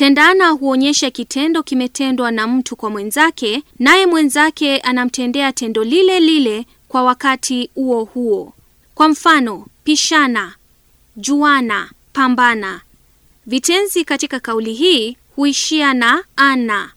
Tendana huonyesha kitendo kimetendwa na mtu kwa mwenzake, naye mwenzake anamtendea tendo lile lile kwa wakati huo huo. Kwa mfano, pishana, juana, pambana. Vitenzi katika kauli hii huishia na ana.